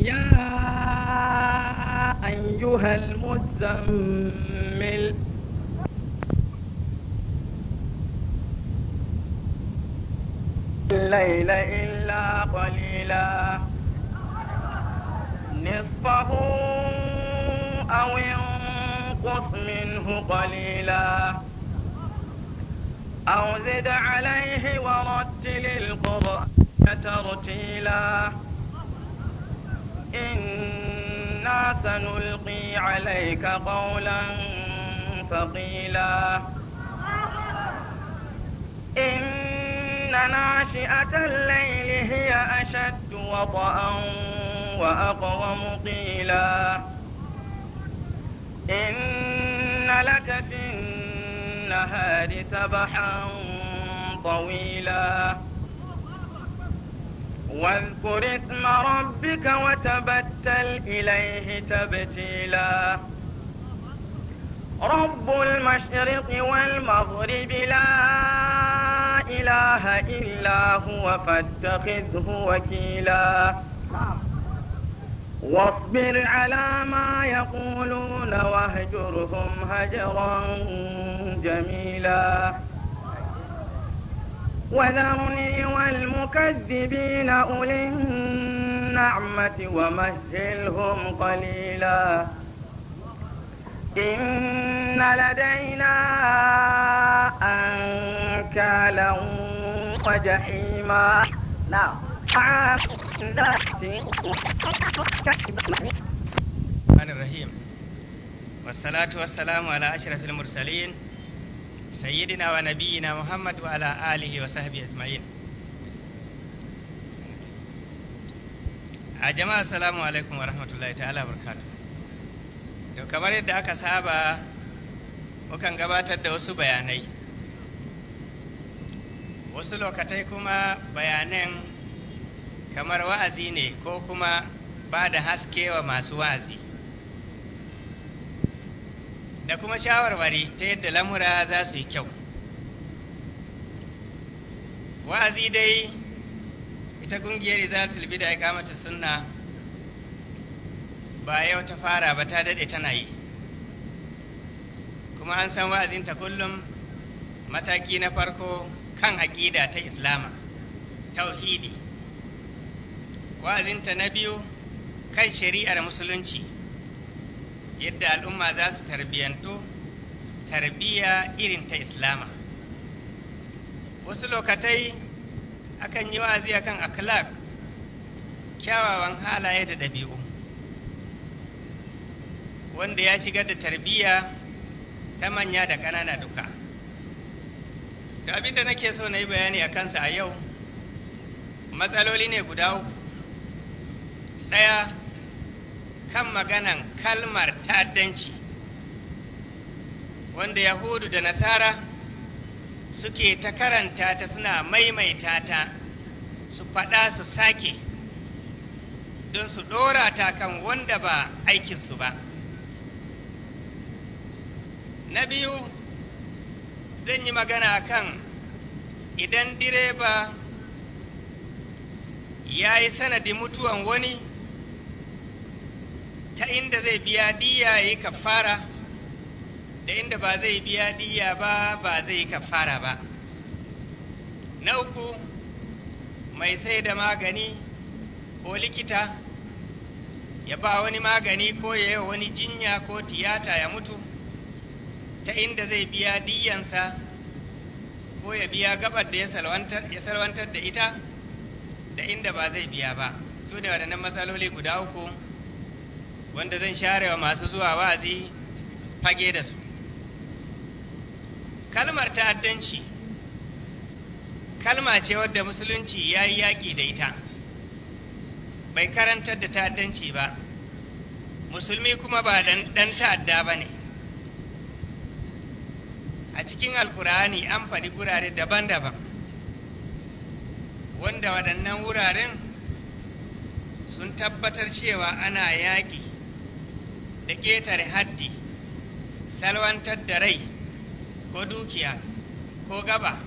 يا أيها المزمل الليل إلا قليلا نصفه أو ينقص منه قليلا أو زد عليه ورتل القرآن ترتيلا إنا سنلقي عليك قولا ثقيلا إن ناشئة الليل هي أشد وطئا وأقوم قيلا إن لك في النهار سبحا طويلا واذكر اسم ربك وتبتل إليه تبتيلا رب المشرق والمغرب لا إله إلا هو فاتخذه وكيلا واصبر على ما يقولون واهجرهم هجرا جميلا وذرني والمكذبين أولي النعمة ومهلهم قليلا إن لدينا أنكالا وجحيما نعم الرحيم والصلاة والسلام على أشرف المرسلين سيدنا ونبينا محمد وعلى آله وصحبه أجمعين a jama'a assalamu alaikum wa rahmatullahi ta'ala barkatu to kamar yadda aka saba mukan gabatar da wasu bayanai wasu lokatai kuma bayanan kamar wa'azi ne ko kuma ba da haske wa masu wa'azi da kuma shawarwari ta yadda lamura za su yi kyau wa'azi dai ita ƙungiyar izalatul bida ya kamata sunna ba yau ta fara ba ta daɗe tana yi kuma an san wa'azinta kullum mataki na farko kan aƙida ta islama tauhidi wa'azinta na biyu kan shari'ar musulunci yadda al'umma za su tarbiyantu tarbiyya irin ta islama wasu lokatai akan yi wazi akan akhlaq kyawawan halaye da ɗabi'u wanda ya shigar da tarbiyya ta manya da ƙanana duka da abin da nake so na yi bayani a kansa a yau matsaloli ne guda uku ɗaya kan maganan kalmar ta'addanci wanda yahudu da nasara suke ta karanta ta suna maimaita ta su faɗa su sake don su ɗora ta kan wanda ba aikinsu ba na biyu zan yi magana kan idan direba ya yi sanadi mutuwan wani ta inda zai biya diya ya kafara da inda ba zai biya diya ba ba zai yi kafara ba na uku mai sai da magani ko likita ya ba wani magani ko ya yi wani jinya ko tiyata ya mutu ta inda zai biya diyansa ko ya biya gabar da ya salwantar da ita da inda ba zai biya ba su ne waɗannan matsaloli guda uku wanda zan share wa masu zuwa wa'azi fage da su kalmar ta'addanci kalma ce wadda musulunci ya yi yaƙi da ita bai karantar da ta'addanci ba musulmi kuma ba dan ta'adda ba ne a cikin alkur'ani an faɗi gurare daban-daban wanda waɗannan wuraren sun tabbatar cewa ana yaƙi da ƙetare haddi salwantar da rai ko dukiya ko gaba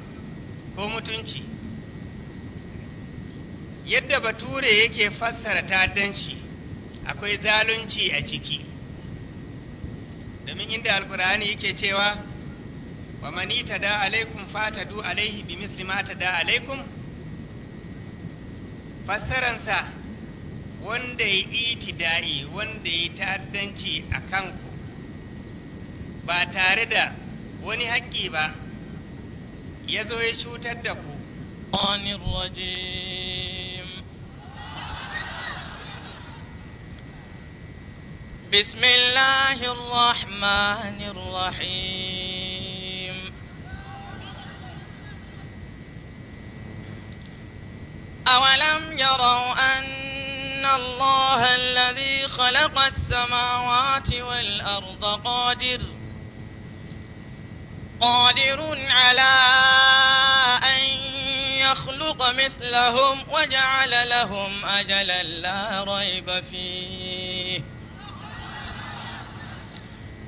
ko mutunci yadda bature yake fassara ta'addanci akwai zalunci a ciki domin inda alkur'ani yake cewa wa mani ta da alaikum fata du alaihi bi mislima ta da alaikum fassaransa wanda ya itida'i wanda ya ta'addanci a kanku ba tare da wani haƙƙi ba ya zo ya cutar da ku بسم الله الرحمن الرحيم أولم يروا الله الذي خلق السماوات والأرض قادر قادر على أن يخلق مثلهم وجعل لهم أجلا لا ريب فيه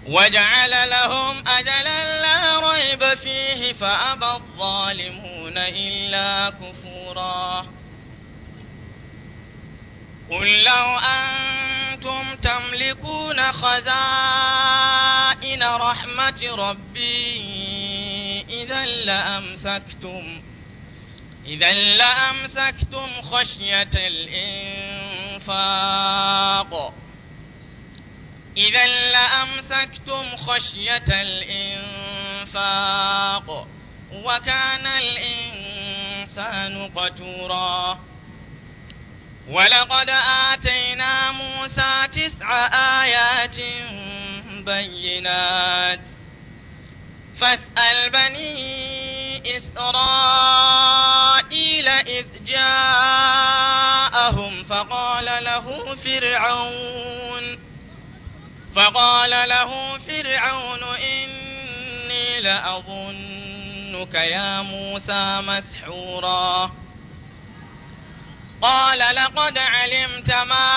وجعل لهم أجلا لا ريب فيه فأبى الظالمون إلا كفوراً قل لو أنتم تملكون خزائن رحمة ربي إذا لأمسكتم إذا لأمسكتم خشية الإنفاق إذا لأمسكتم خشية الإنفاق وكان الإنسان قتوراً ولقد آتينا موسى تسع آيات بينات فاسأل بني إسرائيل إذ جاءهم فقال له فرعون فقال له فرعون إني لأظنك يا موسى مسحوراً قال لقد علمت ما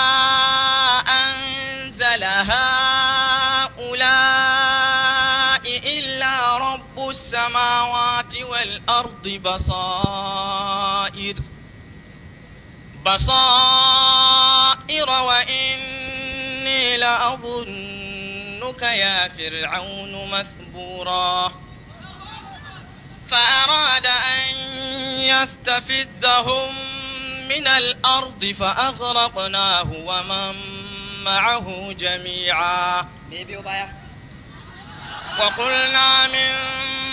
أنزل هؤلاء إلا رب السماوات والأرض بصائر بصائر وإني لأظنك يا فرعون مثبورا فأراد أن يستفزهم من الأرض فأغرقناه ومن معه جميعا وقلنا من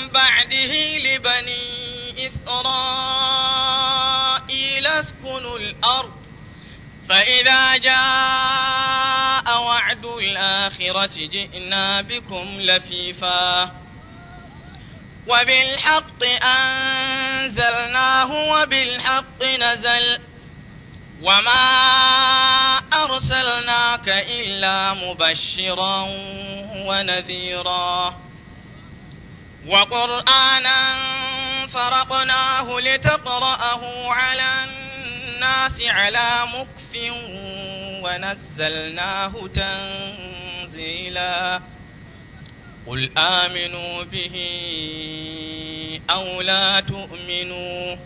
بعده لبني إسرائيل اسكنوا الأرض فإذا جاء وعد الآخرة جئنا بكم لفيفا وبالحق أنزلناه وبالحق نزل وما أرسلناك إلا مبشرا ونذيرا وقرآنا فرقناه لتقرأه على الناس على مكف ونزلناه تنزيلا قل آمنوا به أو لا تؤمنوا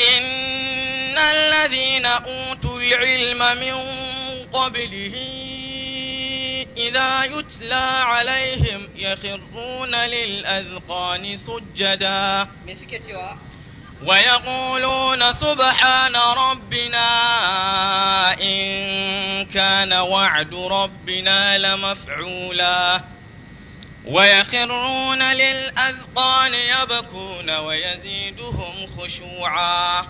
إن الذين أوتوا العلم من قبله إذا يتلى عليهم يخرون للأذقان سجدا ويقولون سبحان ربنا إن كان وعد ربنا لمفعولا ويخرون للأذقان يبكون ويزيدهم خشوعا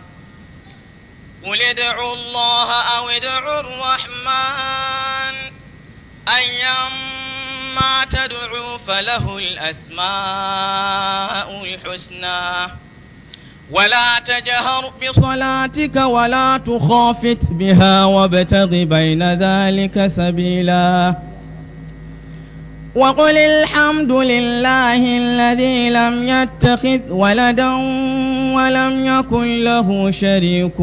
قل ادعوا الله أو ادعوا الرحمن أيما تدعوا فله الأسماء الحسنى ولا تجهر بصلاتك ولا تخافت بها وابتغ بين ذلك سبيلاً وقل الحمد لله الذي لم يتخذ ولدا ولم يكن له شريك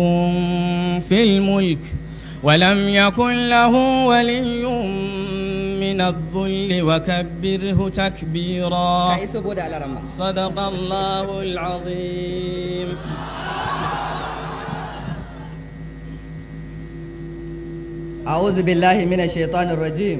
في الملك ولم يكن له ولي من الذل وكبره تكبيرا صدق الله العظيم أعوذ بالله من الشيطان الرجيم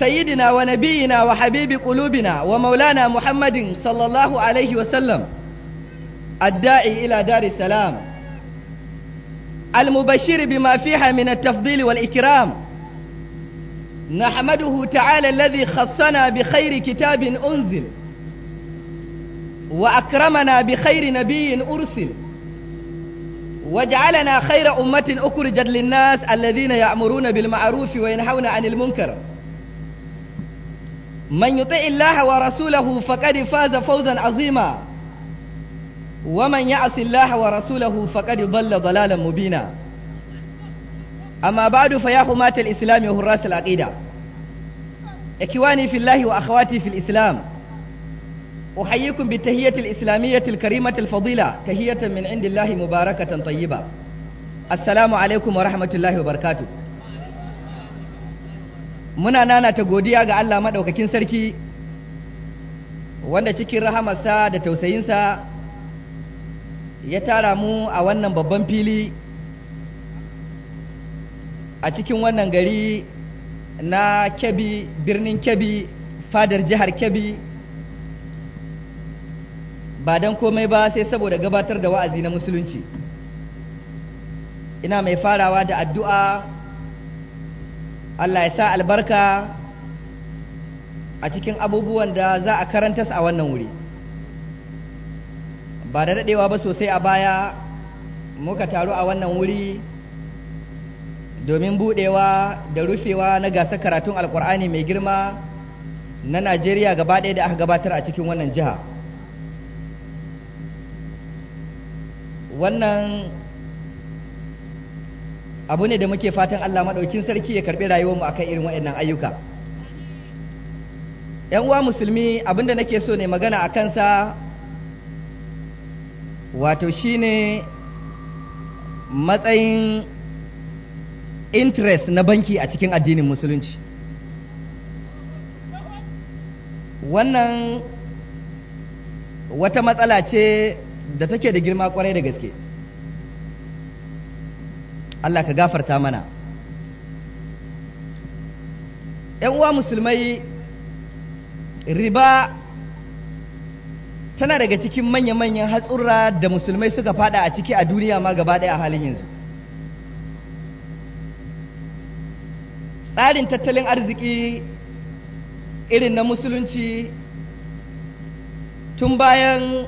سيدنا ونبينا وحبيب قلوبنا ومولانا محمد صلى الله عليه وسلم الداعي إلى دار السلام المبشر بما فيها من التفضيل والإكرام نحمده تعالى الذي خصنا بخير كتاب أنزل وأكرمنا بخير نبي أرسل واجعلنا خير أمة أخرجت للناس الذين يأمرون بالمعروف وينهون عن المنكر من يطع الله ورسوله فقد فاز فوزا عظيما ومن يعص الله ورسوله فقد ضل ضلالا مبينا أما بعد فيا حماة الإسلام وحراس العقيدة إخواني في الله وأخواتي في الإسلام أحييكم بالتهية الإسلامية الكريمة الفضيلة تهية من عند الله مباركة طيبة السلام عليكم ورحمة الله وبركاته muna nana ta godiya ga Allah maɗaukakin sarki wanda cikin rahamarsa da tausayinsa ya tara mu a wannan babban fili a cikin wannan gari na kebi birnin kebi fadar jihar kebi ba don komai ba sai saboda gabatar da wa'azi na musulunci ina mai farawa da addu'a Allah ya sa albarka a cikin abubuwan da za a karanta a wannan wuri ba da daɗewa ba sosai a baya muka taru a wannan wuri domin buɗewa da rufewa na gasa karatun alkur'ani mai girma na najeriya gaba ɗaya da aka gabatar a cikin wannan jiha wannan abu ne da muke fatan Allah maɗaukin sarki ya karɓi rayuwarmu akan irin waɗannan ayyuka ‘yan uwa musulmi abinda nake so ne magana a kansa wato shi ne matsayin interest na banki a cikin addinin musulunci wannan wata matsala ce da take da girma kwarai da gaske Allah ka gafarta mana ‘yan uwa musulmai riba tana daga cikin manya-manyan hatsurra da musulmai suka fada a ciki a duniya ma gaba ɗaya a halin yanzu tsarin tattalin arziki irin na musulunci tun bayan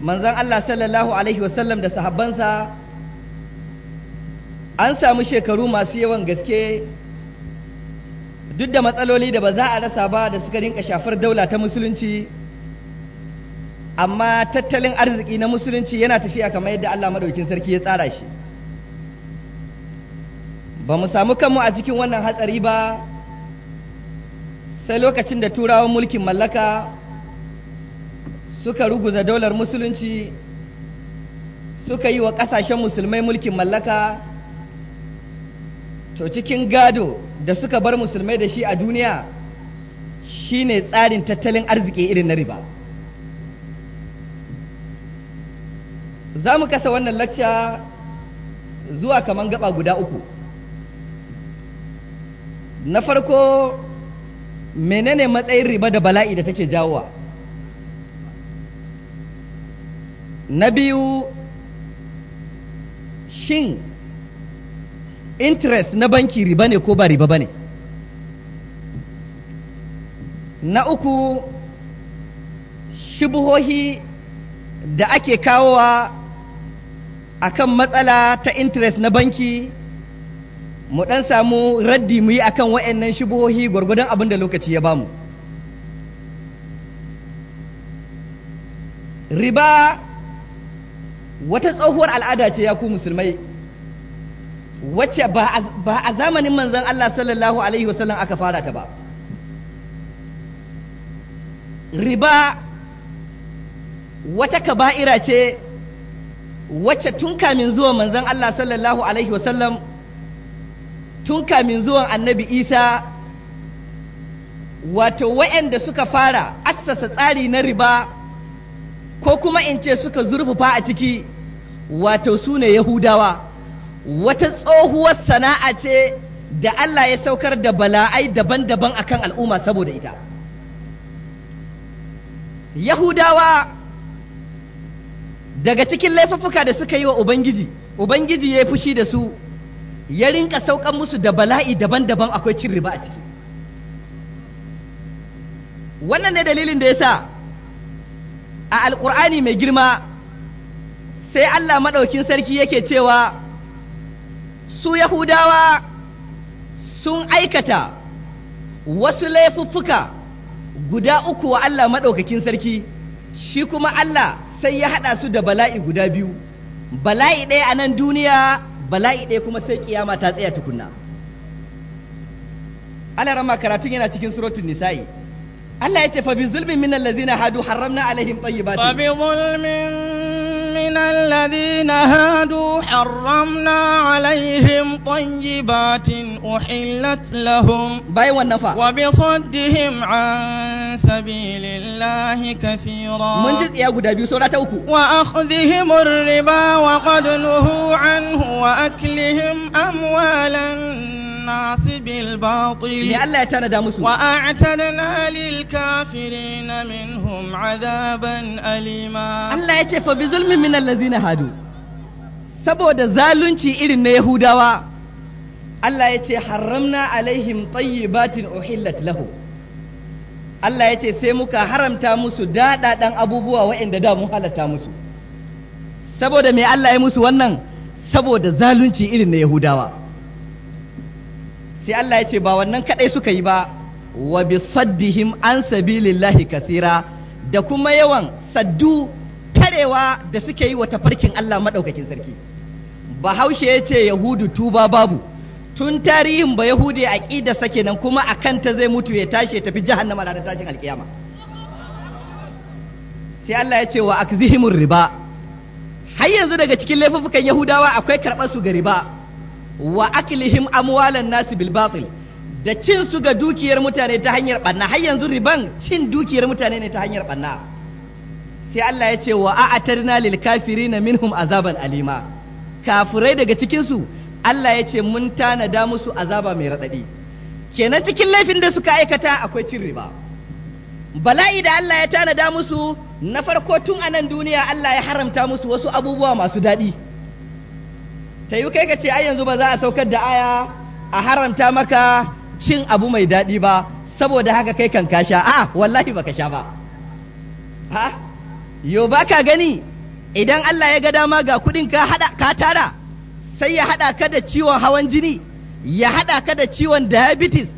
manzan Allah sallallahu Alaihi wasallam da sahabbansa an samu shekaru masu yawan gaske duk da matsaloli da ba za a rasa ba da suka rinka shafar daula ta musulunci amma tattalin arziki na musulunci yana tafiya kamar yadda Allah madaukin sarki ya tsara shi ba mu samu kanmu a cikin wannan hatsari ba sai lokacin da turawan mulkin mallaka suka ruguza daular musulunci suka yi wa ƙasashen musulmai mulkin mallaka to cikin gado da suka bar musulmai da shi a duniya shine tsarin tattalin arziki irin na riba za mu kasa wannan lacca zuwa kaman gaba guda uku na farko menene matsayin riba da bala'i da take jawowa na biyu shin interest na banki riba ne ko ba riba ba ne na uku shibohi da ake kawowa a kan matsala ta interest na banki mu ɗan samu raddi mu yi a kan wa'annan gwargwadon abin da lokaci ya bamu riba wata tsohuwar al'ada ce ya ku musulmai wacce ba a zamanin manzon Allah sallallahu alaihi wasallam aka fara ta ba riba wata kaba'ira ce wacce tun kamin zuwan manzon Allah sallallahu alaihi wasallam tun kamin zuwan annabi isa wato waɗanda suka fara assasa tsari na riba ko kuma in ce suka zurfafa a ciki wato su ne yahudawa wata tsohuwar sana'a ce da Allah ya saukar da bala'ai daban-daban akan al'umma saboda ita yahudawa daga cikin laifafuka da suka yi wa ubangiji ubangiji ya yi fushi da su ya rinka saukan musu da bala'i daban-daban akwai cin riba a ciki wannan ne dalilin da ya sa a alƙur'ani mai girma sai Allah maɗaukin sarki yake cewa su yahudawa sun aikata wasu laifuffuka guda uku wa Allah maɗaukakin sarki shi kuma Allah sai ya haɗa su da bala'i guda biyu bala'i ɗaya a nan duniya bala'i ɗaya kuma sai kiyama ta tsaya tukunna Allah rama karatun yana cikin suratun nisa'i Allah ya ce fa bi zulmin min allazina hadu haramna alaihim tayyibatin fa bi zulmin من الذين هادوا حرمنا عليهم طيبات أحلت لهم وبصدهم عن سبيل الله كثيرا وأخذهم الربا وقد نهوا عنه وأكلهم أموالا الناس بالباطل لألا تندى مسلم وأعتدنا للكافرين منهم عذابا أليما الله يتفى بظلم من الذين هادوا saboda zalunci irin na Yahudawa Allah ya ce haramna alaihim tayyibatin uhillat lahu Allah ya ce sai muka haramta musu daɗaɗan abubuwa waɗanda da mu halatta musu saboda me Allah ya musu wannan saboda zalunci irin na Yahudawa sai Allah ya ce ba wannan kadai suka yi ba wa bi saddihim an sabilillahi kasira da kuma yawan saddu tarewa da suke yi wa tafarkin Allah madaukakin sarki bahaushe ya ce yahudu tuba babu tun tarihin ba yahudi a kida sake nan kuma a kanta zai mutu ya tashi ya tafi jahannama da tashin alkiyama sai Allah ya ce wa akzihimur riba har yanzu daga cikin laifukan yahudawa akwai karɓar su ga riba wa aklihim amwalan nasi bil batil da cin su ga dukiyar mutane ta hanyar banna har yanzu riban cin dukiyar mutane ne ta hanyar banna sai Allah ya ce wa a'atarna lil kafirina minhum azaban alima kafirai daga cikin su Allah ya ce mun tanada musu azaba mai radadi kenan cikin laifin da suka aikata akwai cin riba bala'i da Allah ya tanada musu na farko tun a nan duniya Allah ya haramta musu wasu abubuwa masu daɗi ta yi kai ka ce ai yanzu ba za a saukar da aya a haramta maka cin abu mai daɗi ba saboda haka kai kan ka sha a'a ah, wallahi baka sha ba ha yo ka gani idan Allah ya ga dama ga kudin ka hada ka tara sai ya haɗa ka da ciwon hawan jini ya haɗa ka da ciwon diabetes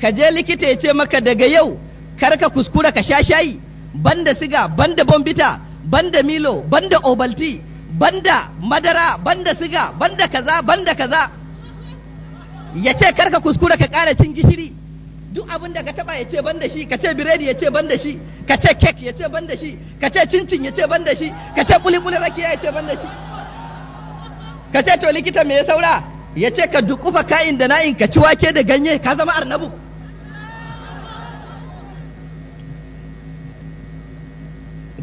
ka je likita ya ce maka daga yau kar ka kuskura ka sha shayi banda siga banda bombita banda milo banda obalti banda madara banda siga banda kaza banda kaza ya ce karka kuskura ka ƙara cin gishiri duk abin da ka taba ya ce ban da shi ka ce biredi ya ce ban da shi ka ce kek ya ce ban da shi ka ce cincin ya ce ban da shi ka ce kulikuli rakiya ya ce ban da shi ka ce to likita me ya saura ya ce ka dukufa ka'in da na'in ka ci wake da ganye ka zama arnabu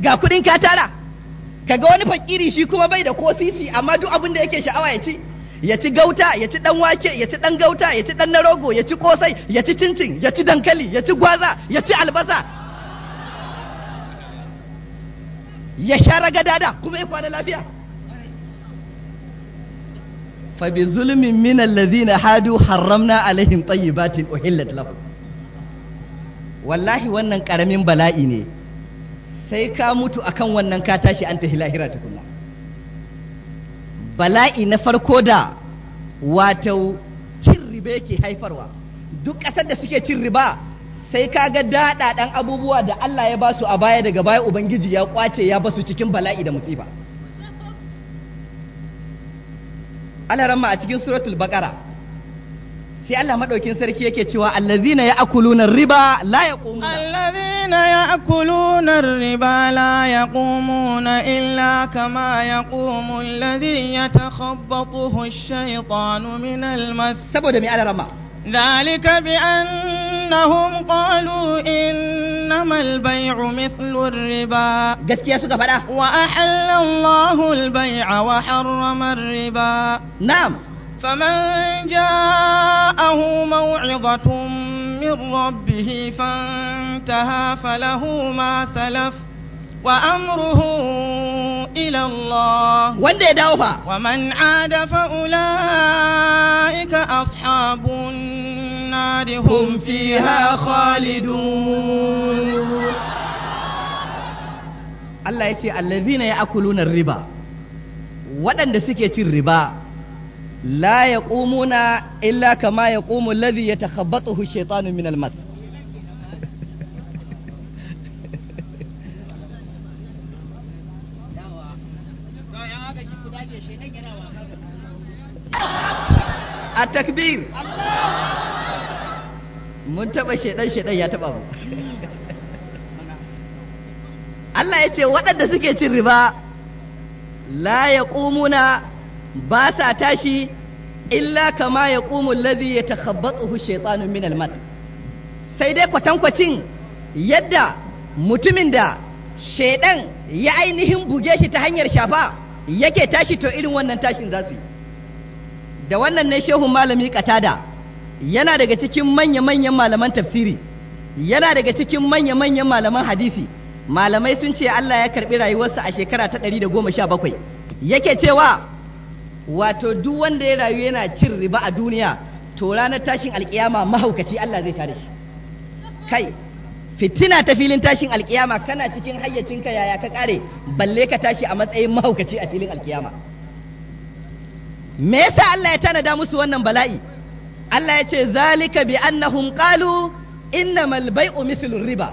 ga kudin ka tara kaga wani fakiri shi kuma bai da ko sisi amma duk abin da yake sha'awa ya ci ya ci gauta ya ci dan wake ya ci dan gauta ya ci dan narogo ya ci kosai ya ci cincin ya ci dankali ya ci gwaza ya ci albasa ya sha ragadada kuma ya kwana lafiya fa bi zulmin min alladhina hadu harramna alaihim tayyibatin uhillat lahum wallahi wannan karamin bala'i ne sai ka mutu akan wannan ka tashi an tafi lahira tukuna bala'i na farko da wato cin riba yake haifarwa duk ƙasar da suke cin riba sai ka ga daɗaɗan abubuwa da Allah ya ba su a baya daga baya Ubangiji ya kwace ya basu cikin bala'i da musiba. ramma a cikin suratul baƙara sai Allah madaukin sarki yake cewa allazina ya'kuluna riba la yaqumuna allazina ya'kuluna riba la yaqumuna illa kama yaqumu alladhi yatakhabbathu ash-shaytanu min al-mas saboda me alarama ذلك بأنهم قالوا إنما البيع مثل الربا وأحل الله البيع وحرم الربا نعم فمن جاءه موعظة من ربه فانتهى فله ما سلف وأمره إلى الله وندي دوفا ومن عاد فأولئك أصحاب النار هم فيها خالدون Allah ya ce allazina ya akuluna riba waɗanda suke cin riba la yaqumuna illa kama yaqumu alladhi yatakhabbathu ash-shaytanu min al a takbir mun taɓa shaidan-shaidan ya taɓa mu Allah ya ce waɗanda suke cin riba la ƙumuna ba sa tashi illa kama ya ƙumu lazi ya takhabbatuhu shaitanu min almas sai dai kwatankwacin yadda mutumin da shaidan ya ainihin buge shi ta hanyar shafa yake tashi to irin wannan tashin za su yi da wannan ne shehun malami katada yana daga cikin manya-manyan malaman tafsiri yana daga cikin manya-manyan malaman hadisi malamai sun ce Allah ya karɓi rayuwarsa a shekara ta ɗari da goma sha bakwai yake cewa wato duk wanda ya rayu yana cin riba a duniya to ranar tashin alkiyama mahaukaci Allah zai tare shi kai fitina ta filin tashin alkiyama kana cikin hayyacinka yaya ka kare balle ka tashi a matsayin mahaukaci a filin alkiyama me yasa Allah ya tanada musu wannan bala'i Allah ya ce zalika bi annahum qalu innamal bai'u mithlu riba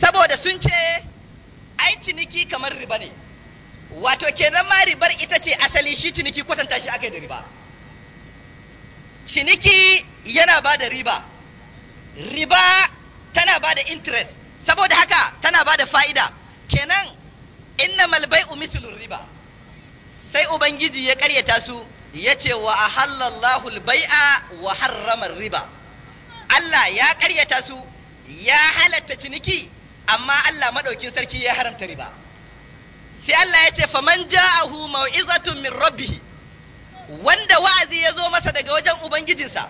saboda sun ce ai ciniki kamar riba ne wato kenan ma ribar ita ce asali shi ciniki kwatanta shi aka yi da riba ciniki yana ba da riba riba tana ba da interest saboda haka tana ba da fa'ida kenan inna malbai umisilun riba sai ubangiji ya karyata su ya ce wa a halallahu bai'a wa harramar riba Allah ya karyata su ya halatta ciniki amma Allah maɗaukin sarki ya haramta riba sai Allah ya ce faman ja'ahu mau'izatun min rabbih wanda wa'azi ya zo masa daga wajen ubangijinsa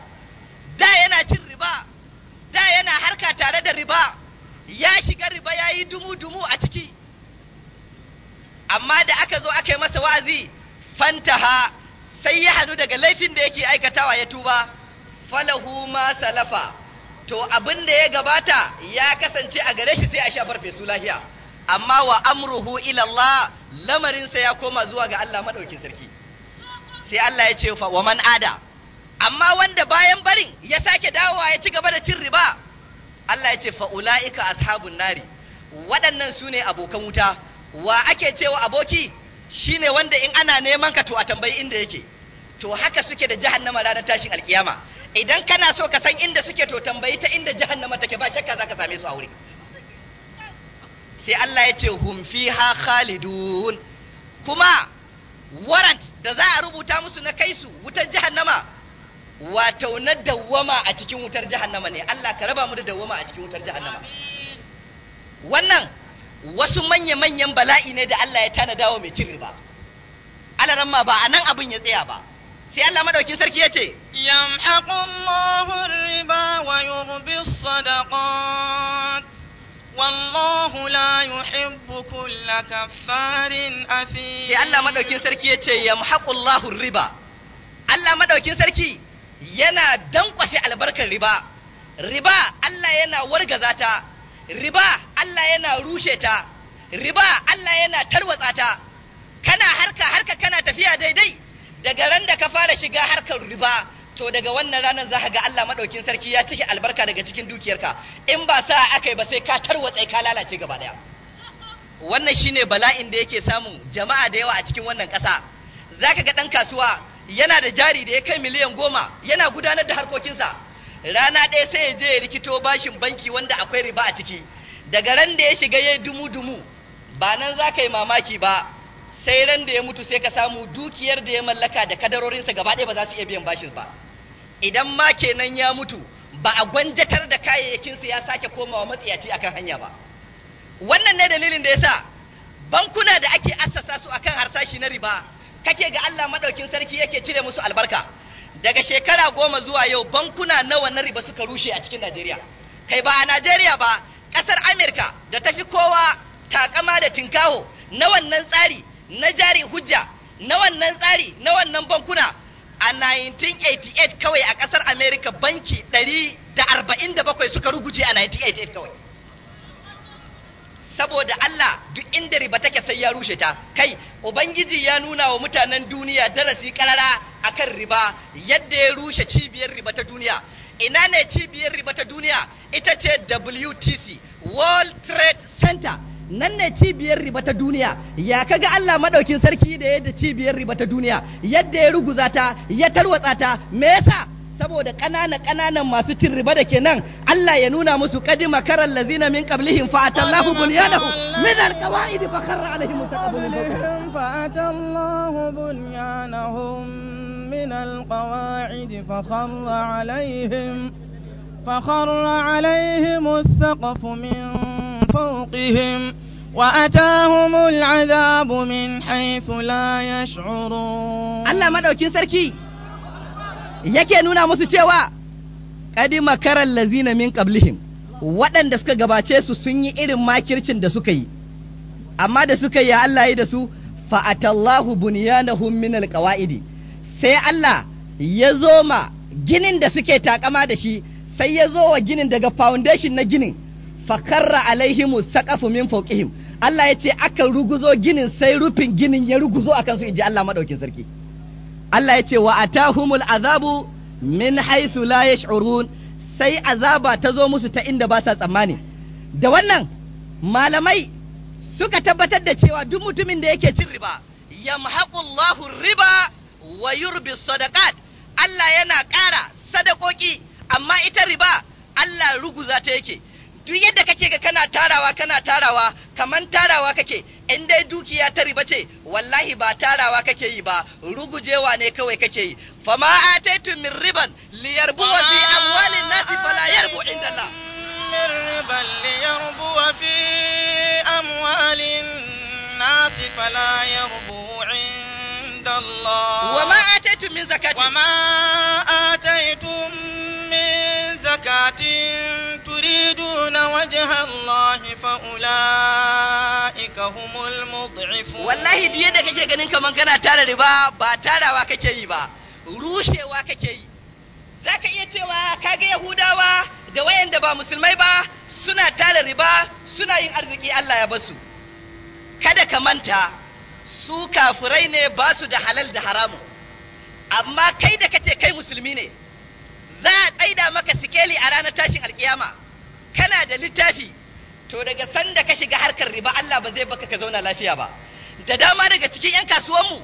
da yana cin riba da yana harka tare da riba ya shiga riba ya yi dumu-dumu a ciki amma da aka zo aka yi masa wa'azi fantaha sai ya hannu daga laifin da yake aikatawa ya tuba falahu ma salafa to abin da ya gabata ya kasance a gare shi sai a sha farfesu lahiya amma wa amruhu ila Allah lamarinsa ya koma zuwa ga Allah madaukin sarki sai Allah ya ce wa man ada amma wanda bayan barin ya sake dawowa ya ci gaba da cin riba Allah ya ce fa ashabun nari waɗannan su ne abokan wuta wa ake cewa aboki shine wanda in ana neman ka to a tambayi inda yake to haka suke da jahannama ranar tashin alkiyama idan kana so ka san inda suke to tambayi ta inda jahannama take ba shakka zaka same su a wuri sai Allah ya ce hum fiha khalidun kuma warrant da za a rubuta musu na kai su wutar jahannama wato na dawwama a cikin wutar jahannama ne Allah ka raba mu da dawwama a cikin wutar jahannama wannan wasu manya-manyan bala'i ne da Allah ya tana dawo mai cin riba alaran ma ba a nan abin ya tsaya ba sai Allah madaukin sarki ya ce yamhaqu Allahu riba wa yurbi sadaqat wallahu la yuhibbu kulla kaffarin athim sai Allah madaukin sarki yace ya muhaqqullahu riba Allah madaukin sarki yana dankwashe albarkar riba riba Allah yana wargaza ta riba Allah yana rushe ta riba Allah yana tarwatsa ta kana harka harka kana tafiya daidai daga ran da ka fara shiga harkar riba to daga wannan ranar za ka ga Allah maɗaukin sarki ya cike albarka daga cikin dukiyarka in ba sa aka yi ba sai ka tarwatse ka lalace gaba ɗaya wannan shine bala'in da yake samu jama'a da yawa a cikin wannan ƙasa za ka ga ɗan kasuwa yana da jari da ya kai miliyan goma yana gudanar da harkokinsa rana ɗaya sai ya je ya rikito bashin banki wanda akwai riba a ciki daga ran da ya shiga ya dumu dumu ba nan za ka yi mamaki ba sai ran da ya mutu sai ka samu dukiyar da ya mallaka da kadarorinsa gaba ɗaya ba za su iya biyan bashin ba idan ma kenan ya mutu ba a gwanjatar da kayayyakinsa ya sake komawa matsiyaci akan hanya ba wannan ne dalilin da yasa bankuna da ake assasa su akan harsashi na riba kake ga Allah madaukin sarki yake cire musu albarka daga shekara goma zuwa yau bankuna nawa na riba suka rushe a cikin Najeriya kai ba a Najeriya ba ƙasar Amerika da tafi kowa takama da tinkaho na wannan tsari na jari hujja na wannan tsari na wannan bankuna a 1988 kawai a ƙasar Amerika, banki 147 suka ruguje a 1988 kawai saboda Allah duk inda riba take sai ya rushe ta kai ubangiji ya nuna wa mutanen duniya darasi karara akan riba yadda ya rushe cibiyar riba ta duniya ina ne cibiyar riba ta duniya ita ce WTC World Trade Center nan ne cibiyar riba ta duniya ya kaga Allah madaukin sarki da yadda cibiyar riba ta duniya yadda ya ruguza ta ya tarwatsa ta me yasa saboda ƙanana ƙananan masu cin riba da ke nan Allah ya nuna musu kadima karal lazina min qablihim fa atallahu bunyanahu min alqawaid fa kharra alaihim mutaqabbilun fa atallahu bunyanahum min alqawaid fa kharra alaihim فخر عليهم السقف من فوقهم وأتاهم العذاب من حيث لا يشعرون الله ما دوكين سركي yake nuna musu cewa kadi makarar lazina min qablihim waɗanda suka gabace su sun yi irin makircin da suka yi amma da suka yi Allah yi da su fa'atallahu bunyanahum min alqawaidi sai Allah ya zo ma ginin da suke takama da shi sai ya zo wa ginin daga foundation na ginin fakarra alaihimu saqafu min fawqihim Allah ya ce aka ruguzo ginin sai rufin ginin ya ruguzo a kansu inji Allah maɗaukin sarki Allah ya ce wa atahumul azabu min haythu la yash'urun sai azaba ta zo musu ta inda ba sa tsammani da wannan malamai suka tabbatar da cewa duk mutumin da yake cin riba yamhaqullahu riba wa yurbi sadaqat Allah yana ƙara sadakoki amma ita riba Allah ruguza ta yake duk yadda kake ga kana tarawa kana tarawa kaman tarawa kake in dai dukiya ta riba ce wallahi ba tarawa kake yi ba rugujewa ne kawai kake yi fama ataitu min riban yarbu wa fi amwali nasi fala yarbu inda Allah min riban yarbu wa fi amwali nasi fala yarbu inda Allah wa ma ataitu min zakati wa ma ataitum زكاة تريدون وجه الله فأولئك هم المضعفون والله دي يدك كي ganin kaman kana tara riba ba tarawa kake yi ba rushewa kake yi zaka iya cewa kaga yahudawa da wayanda ba musulmai ba suna tara riba suna yin arziki Allah ya basu kada ka manta su kafurai ne ba su da halal da haramu amma kai da kace kai musulmi ne za a tsaida maka sikeli a ranar tashin alkiyama kana da littafi to daga sanda ka shiga harkar riba Allah ba zai baka ka zauna lafiya ba da dama daga cikin 'yan kasuwanmu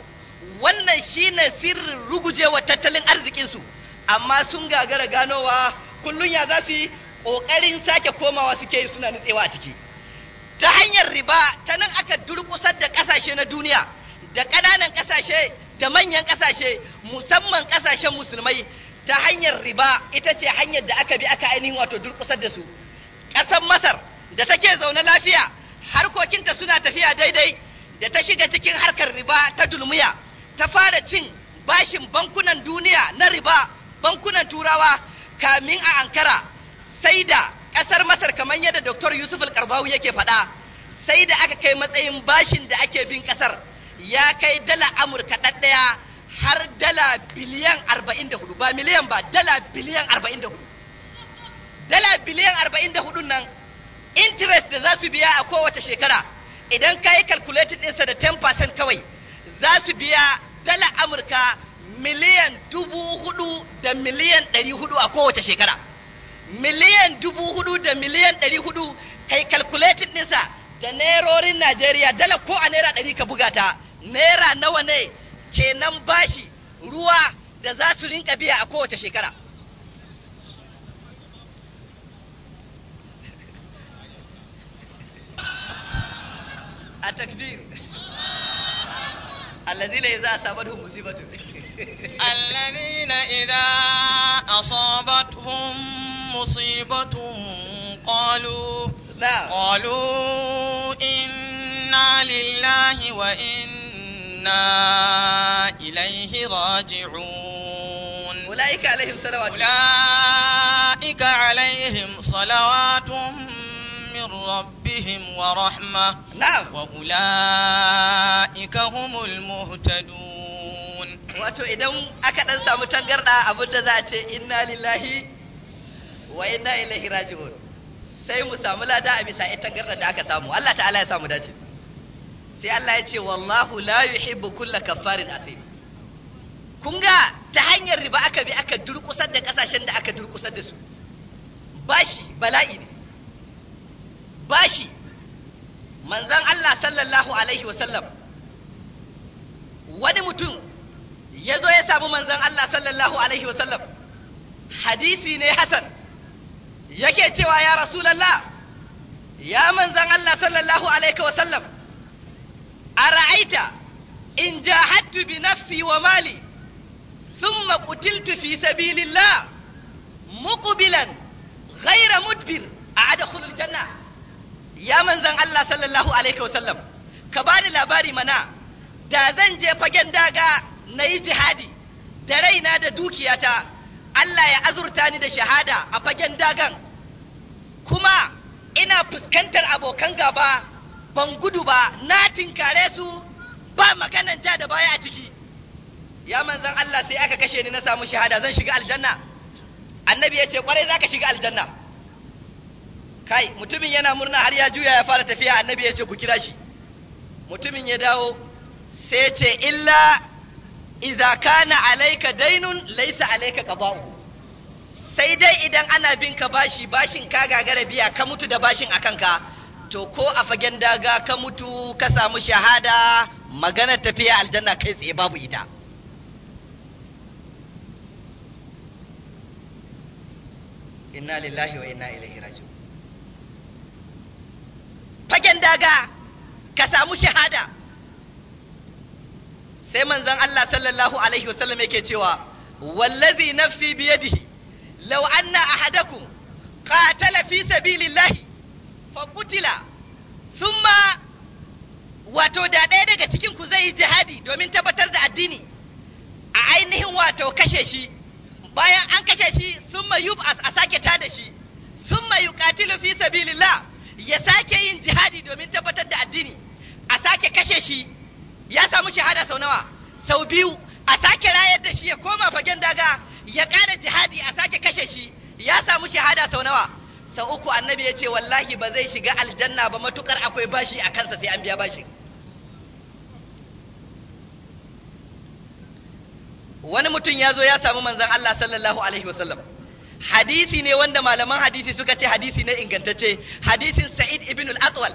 wannan shine sirrin rugujewa tattalin arzikin su amma sun gagara ganowa kullum ya za su yi ƙoƙarin sake komawa suke yi suna nutsewa a ciki ta hanyar riba ta nan aka durƙusar da ƙasashe na duniya da ƙananan ƙasashe da manyan ƙasashe musamman ƙasashen musulmai ta hanyar riba ita ce hanyar da aka bi aka ainihin wato durƙusar da su ƙasar masar da take zaune lafiya harkokinta suna tafiya daidai da ta shiga cikin harkar riba ta dulmiya ta fara cin bashin bankunan duniya na riba bankunan turawa kamin a ankara sai da ƙasar masar kamar yadda dr yusuf alƙarbawu yake faɗa sai da aka kai matsayin bashin da ake bin ƙasar ya kai dala amurka ɗaɗɗaya har dala biliyan 44 ba miliyan ba dala biliyan 44 dala biliyan 44 nan interest da za su biya a kowace shekara idan ka yi calculating ɗinsa da 10% kawai za su biya dala amurka miliyan dubu hudu da miliyan ɗari hudu a kowace shekara miliyan dubu hudu da miliyan ɗari hudu kai calculating ɗinsa da nerorin najeriya dala ko a naira ɗari ka buga ta naira nawa ne kenan bashi ruwa da za su rinka biya a kowace shekara a takbir A za da allazina idza asabathum musibatun allazina idza asabathum musibatun qalu la in na lillahi wa inna وإنا إليه راجعون أولئك عليهم صلوات أولئك عليهم صلوات من ربهم ورحمة نعم وأولئك هم المهتدون wato idan aka dan samu tangarda abinda za a ce inna lillahi wa inna ilaihi raji'un sai mu samu lada a bisa da aka samu Allah ta'ala ya samu sai Allah ya ce wallahu la yuhibbu kulla kaffarin asim kun ga ta hanyar riba aka bi aka durkusar da kasashen da aka durkusar da su bashi bala'i ne bashi manzon Allah sallallahu alaihi wa Sallam, wani mutum ya zo ya samu manzon Allah sallallahu alaihi wa Sallam. hadisi ne hasan yake cewa ya rasulallah ya manzon Allah sallallahu alaihi wa Sallam. A ra'aita in jahadtu bi nafsi wa mali thumma qutiltu fi sabilillah muqbilan ghayra mudbir a adkhulul janna ya manzan Allah sallallahu alaihi ka bani labari mana da zan je fagen daga na yi jihadi da raina da dukiyata Allah ya azurta ni da shahada a fagen dagan kuma ina fuskantar abokan gaba ban gudu ba na tinkare su ba maganan ja da baya a ciki ya manzan Allah sai aka kashe ni na samu shahada zan shiga aljanna annabi ya ce kwarai zaka shiga aljanna kai mutumin yana murna har ya juya ya fara tafiya annabi ya ce ku kira shi mutumin ya dawo sai ce illa idza kana alayka dainun laysa alayka qada'u sai dai idan ana bin ka bashi bashin ka gagara biya ka mutu da bashin akan ka to ko a fagen daga ka mutu ka samu shahada magana tafiya aljanna kai tsaye babu ita inna lillahi wa inna ilaihi raji'un fagen daga ka samu shahada sai manzon Allah sallallahu alaihi wasallam yake cewa wallazi nafsi biyadihi law anna ahadakum qatala fi sabilillahi fakutila sun ba wato da ɗaya daga cikin ku zai yi jihadi domin tabbatar da addini a ainihin wato kashe shi bayan an kashe shi sun ma a sake tada shi sun ma yuqatilu fi sabilillah ya sake yin jihadi domin tabbatar da addini a sake kashe shi ya samu shahada sau nawa sau biyu a sake rayar da shi ya koma fagen daga ya ƙara jihadi a sake kashe shi ya samu shahada sau nawa sau uku annabi ya ce wallahi ba zai shiga aljanna ba matukar akwai bashi a kansa sai an biya bashi wani mutum ya zo ya samu manzan Allah sallallahu alaihi wasallam hadisi ne wanda malaman hadisi suka ce hadisi ne ingantacce hadisin sa'id ibn al-atwal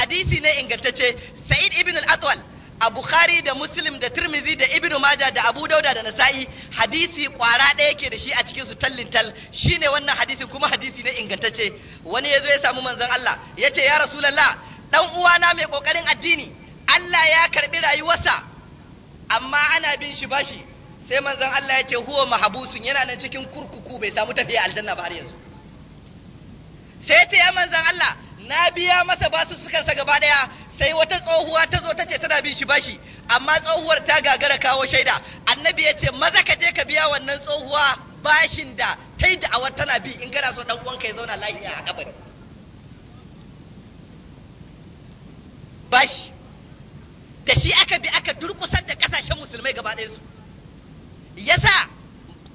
hadisi ne ingantacce sa'id ibn al-atwal a Bukhari da Muslim da Tirmidhi da Ibn Maja da Abu Dauda da Nasa'i hadisi ƙwara ɗaya yake da shi a cikin su tallin shine wannan hadisin kuma hadisi ne ingantacce wani ya zo ya samu manzon Allah ya ce ya Rasulullah dan uwana mai kokarin addini Allah ya karbi rayuwarsa amma ana bin shi bashi sai manzon Allah yace huwa mahabusun yana nan cikin kurkuku bai samu tafiya aljanna ba har yanzu sai ya ce ya manzon Allah na biya masa basu sukansa gaba daya sai wata tsohuwa ta zo ta ce tana bin shi bashi amma tsohuwar ta gagara kawo shaida annabi ya ce maza ka je ka biya wannan tsohuwa bashin da ta yi da'awar tana bi in gana so dan uwanka ya zauna lafiya a kabari bashi da shi aka bi aka durkusar da kasashen musulmai gaba ɗaya su yasa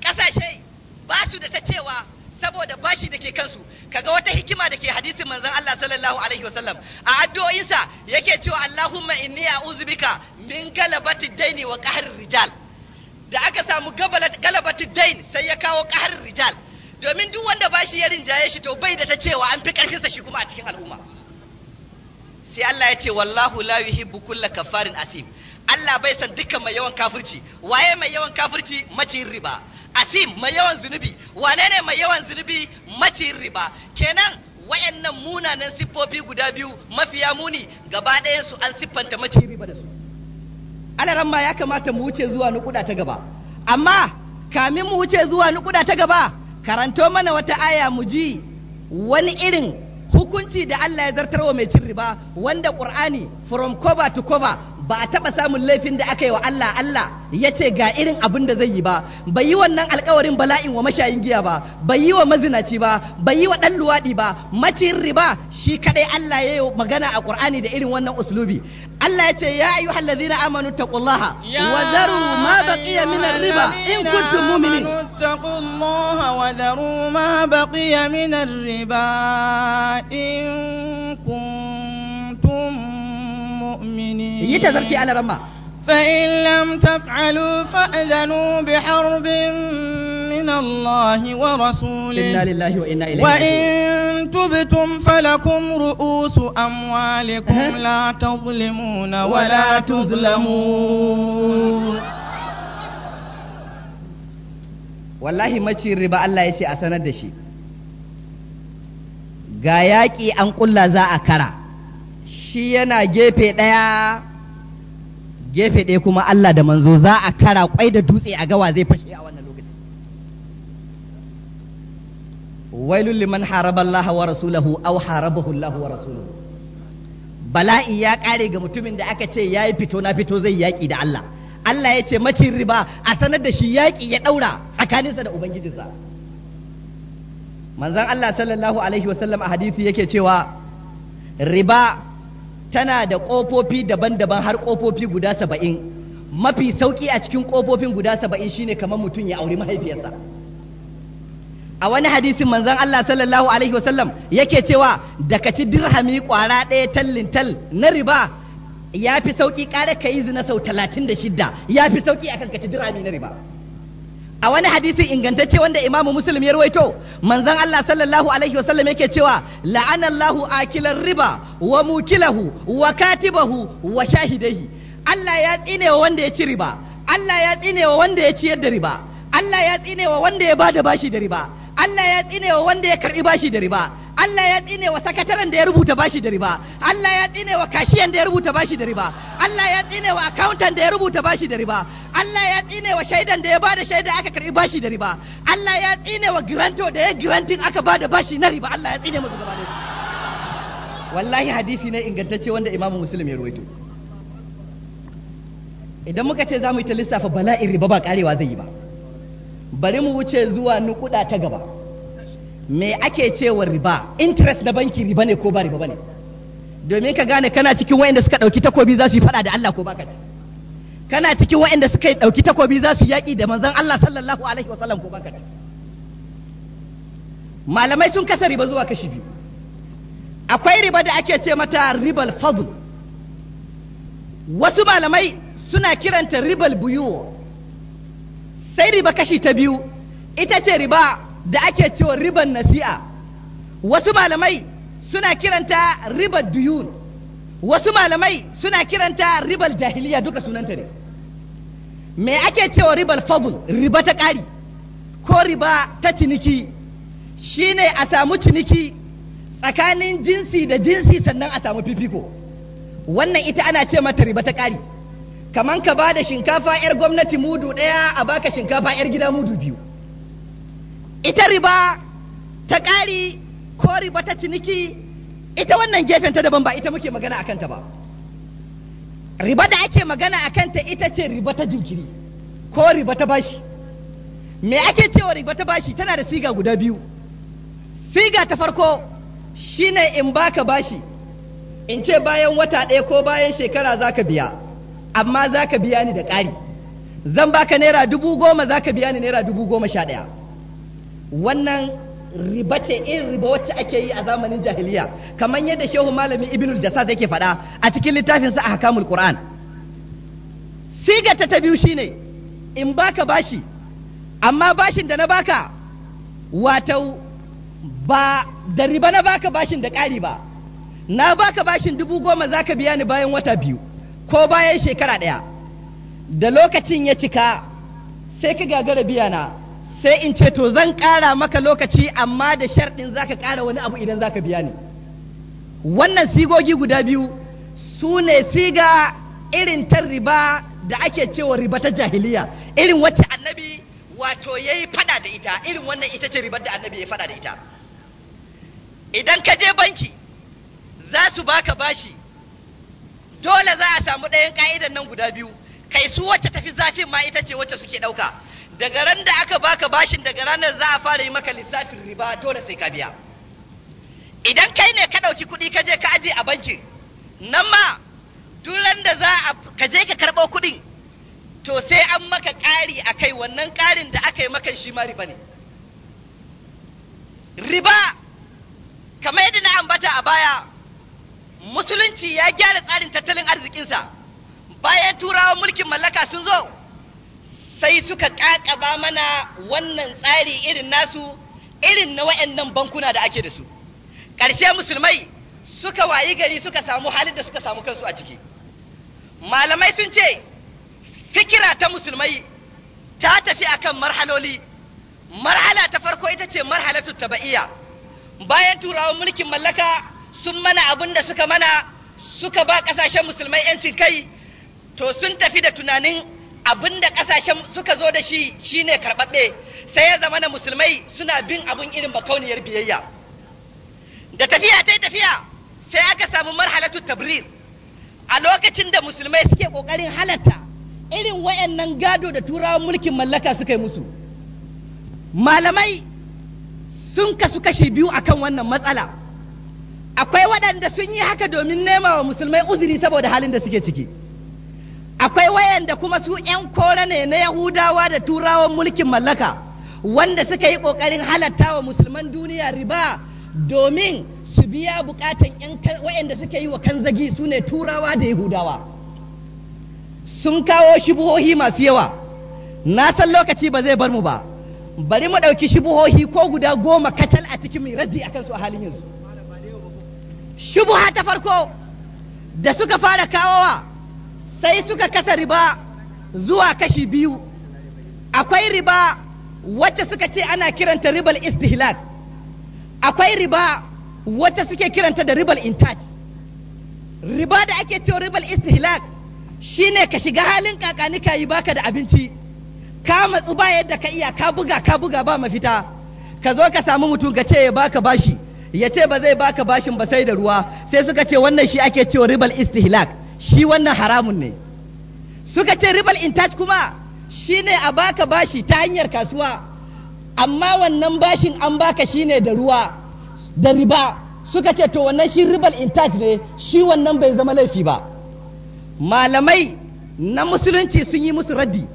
kasashe ba su da ta cewa saboda bashi da ke kansu kaga wata hikima da ke hadisin manzon Allah sallallahu alaihi wasallam a addu'o'insa yake cewa Allahumma inni a'udhu bika min galabati daini wa qahr rijal da aka samu galabati daini sai ya kawo qahr rijal domin duk wanda bashi ya rinjaye shi to bai da ta cewa an fi karfinsa shi kuma a cikin al'umma sai Allah ya ce wallahu la yuhibbu kulla kafarin asim Allah bai san dukkan mai yawan kafirci waye mai yawan kafirci macin riba asim mai yawan zunubi wane ne mai yawan zunubi macin riba kenan wayannan munanan siffofi guda biyu mafiya muni gaba ɗayan su an siffanta macin riba da su ma ya kamata mu wuce zuwa nukuda ta gaba amma kamin mu wuce zuwa nukuda ta gaba karanto mana wata aya mu ji wani irin hukunci da Allah ya zartarwa mai cin riba wanda Qur'ani from cover to cover ba a taɓa samun laifin da aka yi wa Allah Allah ya ce ga irin abin da zai yi ba bai yi wannan alkawarin bala'in wa mashayin giya ba bai yi wa mazinaci ba bai yi wa ɗan luwaɗi ba macin riba shi kaɗai Allah ya yi magana a ƙur'ani da irin wannan uslubi Allah ya ce ya ayu hallazina amanu taqullaha wa daru ma baqiya min riba in kuntum mu'minin taqullaha wa ma baqiya min riba in kuntum المؤمنين yi ta zarci alaramma فإن لم تفعلوا فأذنوا بحرب من الله ورسوله إنا لله وإنا إليه وإن تبتم فلكم رؤوس أموالكم لا تظلمون ولا تظلمون wallahi macin riba Allah ya ce a sanar da shi ga yaƙi an ƙulla za a kara shi yana gefe ɗaya gefe ɗaya kuma Allah da manzo za a kara kwai da dutse a gawa zai fashe a wannan lokaci wailul liman haraba Allah wa rasulahu aw harabahu Allah wa rasuluhu bala'i ya kare ga mutumin da aka ce yayi fito na fito zai yaki da Allah Allah ya ce macin riba a sanar da shi yaƙi ya ɗaura tsakaninsa da Ubangijinsa. Manzan Allah sallallahu Alaihi wasallam a hadisi yake cewa riba tana da ƙofofi daban-daban har ƙofofi guda saba'in mafi sauƙi a cikin ƙofofin guda saba'in shine kamar mutum ya auri mahaifiyarsa a wani hadisin manzon Allah sallallahu alaihi wasallam yake cewa da kacidirhami ci dirhami ƙwara ɗaya tallin tal na riba ya fi sauƙi ƙara ka yi zina sau talatin da shidda ya fi sauƙi akan ka ci dirhami na riba a wani hadisin ingantacce wanda imamu muslim ya rawaito manzon Allah sallallahu alaihi wasallam yake cewa la'anallahu akilar riba wa mukilahu wa katibahu wa shahidahi Allah ya tsine wa wanda ya ci riba Allah ya tsine wa wanda ya ciyar da riba Allah ya tsine wa wanda ya bada bashi da riba Allah ya tsine wa wanda ya karbi bashi da riba Allah ya tsine wa sakataren da ya rubuta bashi da riba Allah ya tsine wa kashiyan da ya rubuta bashi da riba Allah ya tsine wa accountant da ya rubuta bashi da riba Allah ya tsine wa shaidan da ya bada shaida aka karbi bashi da riba Allah ya tsine wa giranto da ya girantin aka bada bashi na riba Allah ya tsine musu gaba wallahi hadisi ne ingantacce wanda imamu muslim ya ruwaito idan muka ce za mu yi ta lissafa bala'in riba ba karewa zai yi ba bari mu wuce zuwa nukuda ta gaba me ake cewa riba interest na banki riba ne ko ba riba ne domin ka gane kana cikin waɗanda suka ɗauki takobi za su yi faɗa da Allah ko baka ci kana cikin waɗanda suka ɗauki takobi za su yaƙi da manzon Allah sallallahu alaihi wasallam ko baka ci malamai sun kasa riba zuwa kashi biyu akwai riba da ake ce mata ribal fadl wasu malamai suna kiranta ribal buyu sai riba kashi ta biyu ita ce riba da ake cewa riban nasi'a wasu malamai suna kiranta ribar duyun wasu malamai suna kiranta ribar jahiliya duka sunanta ne me ake cewa ribar fabul riba ta ƙari ko riba ta ciniki shine a samu ciniki tsakanin jinsi da jinsi sannan a samu fifiko wannan ita ana ce mata riba ta ƙari kaman ka ba da shinkafa 'yar gwamnati mudu ɗaya a baka shinkafa 'yar gida mudu biyu ita riba ta ƙari ko riba ta ciniki ita wannan gefen ta daban ba ita muke magana a kanta ba riba da ake magana a kanta ita ce riba ta jinkiri ko riba ta bashi me ake cewa riba ta bashi tana da siga guda biyu siga ta farko shine in baka bashi in ce bayan wata ɗaya ko bayan shekara za ka biya amma za ka biya ni da ƙari zan baka naira dubu goma za ka biya ni naira dubu goma sha ɗaya wannan riba ce in eh, riba wacce ake yi a zamanin jahiliya kamar yadda shehu malami jasa jasas yake faɗa a cikin littafinsa a hakamul qur'an sigata ta biyu shine in baka bashi amma bashin da na baka wato ba da riba na baka bashin da ƙari ba na baka bashin dubu goma za ka biya ni bayan wata biyu ko bayan shekara ɗaya da lokacin ya cika sai ka gagara biya na sai in ce to zan ƙara maka lokaci amma da sharɗin za ka ƙara wani abu idan za ka biya ni wannan sigogi guda biyu su ne siga irin ta riba da ake cewa riba ta jahiliya irin wacce annabi wato ya yi fada da ita irin wannan ita ce ribar da annabi ya fada da ita idan ka je banki za su baka bashi dole za a samu ɗayan ka'idan nan guda biyu kai su wacce tafi zafin ma ita ce wacce suke ɗauka daga ran da aka baka bashin daga ranar za a fara yi maka lissafin riba dole sai ka biya idan kai ne ka ɗauki kuɗi ka je ka aje a banki nan ma duk da za a ka je ka karɓo kuɗin to sai an maka ƙari a kai wannan ƙarin da aka yi maka shi ma riba ne riba kamar yadda na ambata a baya musulunci ya gyara tsarin tattalin arzikinsa bayan turawan mulkin mallaka sun zo sai suka ƙaƙaba mana wannan tsari irin nasu irin na wa'annan bankuna da ake da su ƙarshe musulmai suka wayi gari suka samu halin da suka samu kansu a ciki malamai sun ce fikira ta musulmai ta tafi akan marhaloli marhala ta farko ita ce marhalatu taba'iyya bayan turawan mulkin mallaka sun mana abin da suka mana suka ba ƙasashen musulmai 'yancin kai to sun tafi da tunanin abin da ƙasashen suka zo da shi shine karɓaɓɓe sai ya zama na musulmai suna bin abin irin bakauniyar biyayya da tafiya ta tafiya sai aka samu marhalatu tabrir a lokacin da musulmai suke ƙoƙarin halatta irin wayannan gado da turawan mulkin mallaka suka yi musu malamai sun kasu kashi biyu akan wannan matsala akwai waɗanda sun yi haka domin nema wa musulmai uzuri saboda halin da suke ciki akwai wayanda kuma su ƴan kore ne na yahudawa da turawan mulkin mallaka wanda suka yi ƙoƙarin halatta wa musulman duniya riba domin su biya buƙatan wayanda suka yi wa kanzagi su ne turawa da yahudawa sun kawo shubuhohi masu yawa na san lokaci ba zai bar mu ba bari mu ɗauki shubuhohi ko guda goma kacal a cikin mai raddi a kansu a halin yanzu shubuha ta farko da suka fara kawowa sai suka kasa riba zuwa kashi biyu akwai riba wacce suka ce ana kiranta ribal istihlak akwai riba wacce suke kiranta da ribal intaj riba da ake cewa ribal istihlak shine ka shiga halin kakani ka yi baka da abinci ka matsu ba yadda ka iya ka buga ka buga ba mafita ka zo ka samu mutum ka ce ya baka bashi ya ce ba zai baka bashin ba sai da ruwa sai suka ce wannan shi ake cewa ribal istihlak shi wannan haramun ne suka ce ribal intaj kuma shi ne a baka bashi ta hanyar kasuwa amma wannan bashin an baka shi ne da ruwa da riba suka ce to wannan shi ribal intaj ne shi wannan bai zama laifi ba malamai na musulunci sun yi musu raddi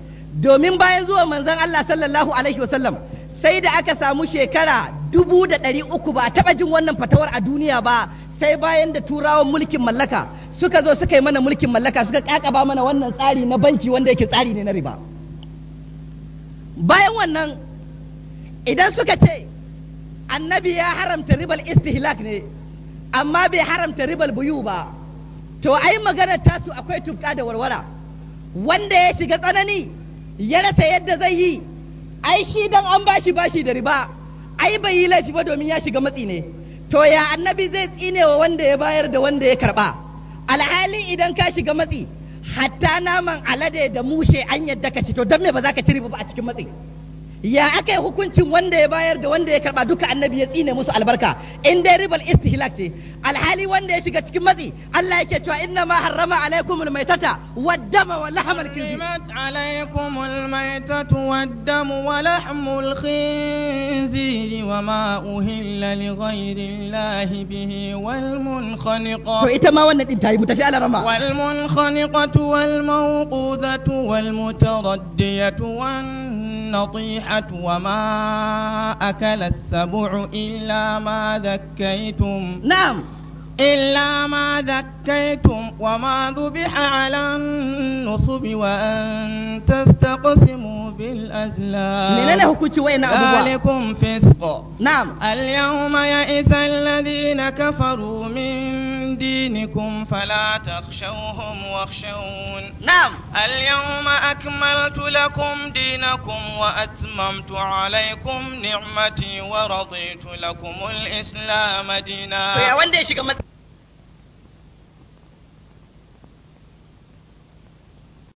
domin bayan zuwa manzon Allah sallallahu alaihi wasallam sai da aka samu shekara dubu da ɗari uku ba a taɓa jin wannan fatawar a duniya ba sai bayan da turawan mulkin mallaka suka zo suka yi mana mulkin mallaka suka ƙaƙaba mana wannan tsari na banki wanda yake tsari ne na riba bayan wannan idan suka ce annabi ya haramta ribal istihlak ne amma bai haramta ribal buyu ba to ai maganar tasu akwai tubka da warwara wanda ya shiga tsanani ya rasa yadda zai yi ai shi dan an bashi bashi da riba ai bai yi laifi ba domin ya shiga matsi ne to ya annabi zai tsine wa wanda ya bayar da wanda ya karba alhali idan ka shiga matsi hatta naman alade da mushe an yadda ka ci to dan me ba za ka ci riba ba a cikin matsi ya aka yi hukuncin wanda ya bayar da wanda ya karba duka annabi ya tsine musu albarka in dai ribal istihlak ce alhali wanda ya shiga cikin matsi Allah yake cewa inna ma harrama alaikumul maitata waddama wa khinzir alaikumul maitatu waddamu wa lahmul khinzir wa ma uhilla li ghairi bihi wal munkhaniqa to ita ma wannan din tayi mutafi ala rama wal munkhaniqatu wal mawqudatu wal mutaraddiyatu wan النطيحة وما أكل السبع إلا ما ذكيتم نعم إلا ما ذكيتم وما ذبح على النصب وأن تستقسموا بالأزلام ذلكم فسق نعم اليوم يئس الذين كفروا من دينكم فلا تخشوهم واخشون نعم اليوم أكملت لكم دينكم وأتممت عليكم نعمتي ورضيت لكم الإسلام دينا